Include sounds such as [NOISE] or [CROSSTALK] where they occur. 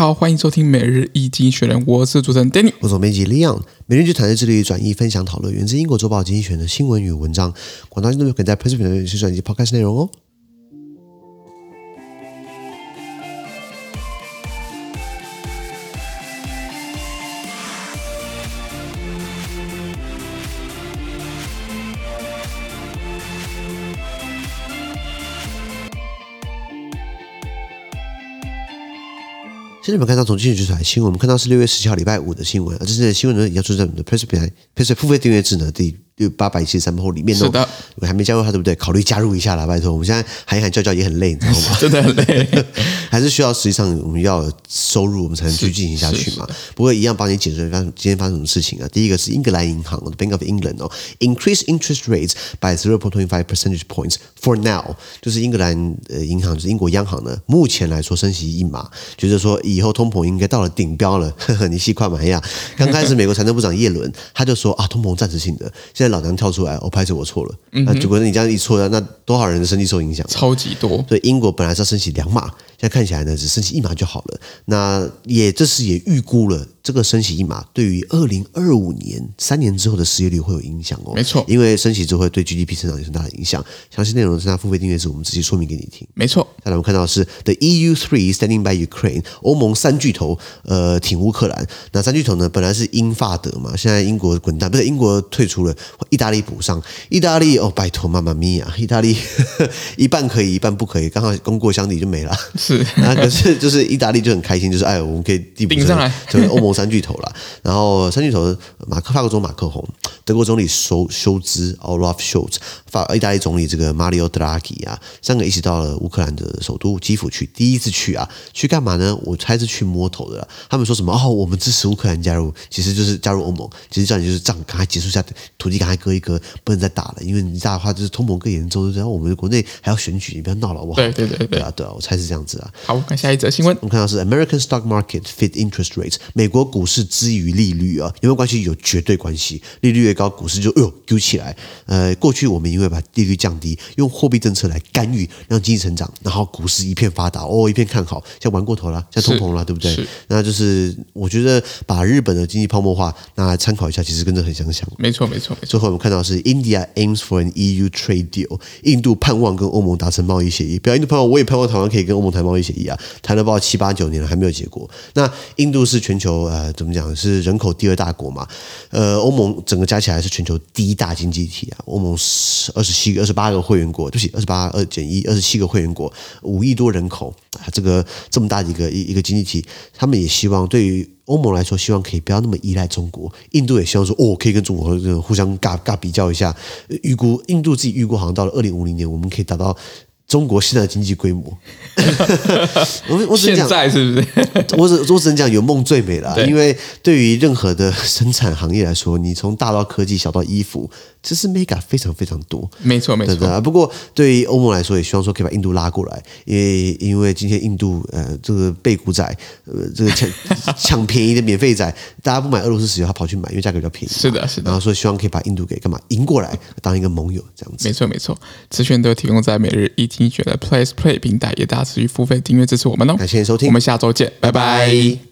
好，歡迎收聽每日一經濟學人，我是主持人 Danny，我是編輯 Leon。每日一經濟學人團隊致力於轉譯、分享、討論源自英國週報《經濟學人》的新聞與文章。廣大聽眾朋友可在 Facebook 上及 Podcast 內容哦。我們 [MUSIC] 看到重慶新聞，我們看到是六月十七號禮拜五的新聞。而這次的新聞呢，也要出在我們的 PressPlay 平台 PressPlay 付費訂閱制呢第六八百七十三號裡面。是的，我還沒加入他，對不對？考慮加入一下啦，拜托。我們現在喊一喊叫叫也很累，你知道嗎？真的很累。 [LAUGHS] 還是需要實際上，我們要收入，我們才能去進行下去嘛。是是是，不過一樣幫你解決發，今天發生什麼事情啊？第一個是英格蘭銀行、The、（Bank of England） 哦、oh，increase interest rates by three point e five percentage points for now，就是英格蘭呃銀行，就是英國央行呢，目前來說升息一碼，就是說以後通膨應該到了頂標了，呵呵你戲快完呀。剛開始美國財政部長耶倫 [LAUGHS] 他就說啊，通膨暫時性的，現在老娘跳出來，我拍錯，我錯了。那如果你這樣一錯的，那多少人的生計受影響？超級多。所以英國本來是要升息兩碼。現在看起來呢，只升息一碼就好了。那也這次也預估了。這個升息一碼，對於二零二五年三年之後的失業率會有影響哦，沒錯，因為升息之後對 GDP 成長有很大的影響。詳細內容是加付費訂閱時，我們直接說明給你聽。沒錯，再來我們看到是 The EU Three Standing by Ukraine，歐盟三巨頭呃挺烏克蘭。那三巨頭呢，本來是英法德嘛，現在英國滾蛋，不是英國退出了，意大利補上。意大利哦，拜託媽媽咪呀，意大利呵呵一半可以，一半不可以，剛好功過相抵就沒了。是啊，然後可是就是意大利就很開心，就是哎，我們可以遞補上來，就是歐盟三巨頭了，然後三巨頭，馬克，法國總統馬克宏，德國總理修修茲奧拉夫·修茲，法意大利總理這個馬里奧·德拉吉啊，三個一起到了烏克蘭的首都基輔去，第一次去啊，去幹嘛呢？我猜是去摸頭的啦。他們說什麼？哦，我們支持烏克蘭加入，其實就是加入歐盟。其實這樣就是仗趕快結束下，土地趕快割一割，不能再打了，因為你打的話就是同盟更嚴重。然後我們國內還要選舉，你不要鬧了，好不好？對對對對，對，對，對啊對啊，我猜是這樣子啊。好，看下一則新聞，我們看到是 American Stock Market feat. Interest rate 美國，股市之於利率啊，有沒有關係？有絕對關係。利率越高，股市就哎呦，丟起來。呃，過去我們因為把利率降低，用貨幣政策來干預，讓經濟成長，然後股市一片發達，哦，一片看好，像玩過頭了，像通膨了，是對不對？是那就是我覺得把日本的經濟泡沫化，那來參考一下，其實跟這很相像。沒錯，沒錯，沒錯。最後我們看到是 India aims for an EU trade deal，印度盼望跟歐盟達成貿易協議。表示印度盼望，我也盼望台灣可以跟歐盟談貿易協議啊，談了不到七八九年了，還沒有結果。那印度是全球。呃，怎麼講是人口第二大國嘛？呃，歐盟整個加起來是全球第一大經濟體啊。歐盟是二十七個、二十八個會員國，對不起，二十八二減一二十七個會員國，五億多人口啊，這個這麼大的一個一個一個經濟體，他們也希望對於歐盟來說，希望可以不要那麼依賴中國。印度也希望說，哦，可以跟中國這個互相尬尬比較一下。預估印度自己預估，好像到了二零五零年，我們可以達到。中國現在的經濟規模，我 [LAUGHS] 我只能講在是不是？我只我只能講，只能講有夢最美了。對因為對於任何的生產行業來說，你從大到科技，小到衣服，其實 Mega 非常非常多。沒錯沒錯。不過對於歐盟來說，也希望說可以把印度拉過來，因為因為今天印度呃這個被股仔呃這個、就是、搶 [LAUGHS] 搶便宜的免費仔，大家不買俄羅斯石油，他跑去買，因為價格比較便宜。是的，是的。然後說希望可以把印度給幹嘛？贏過來當一個盟友這樣子。沒錯沒錯。資訊都提供在每日一。你覺得 PressPlay 平台也大致於付費訂閱支持我們哦！感謝收聽，我們下周見，拜拜。拜拜。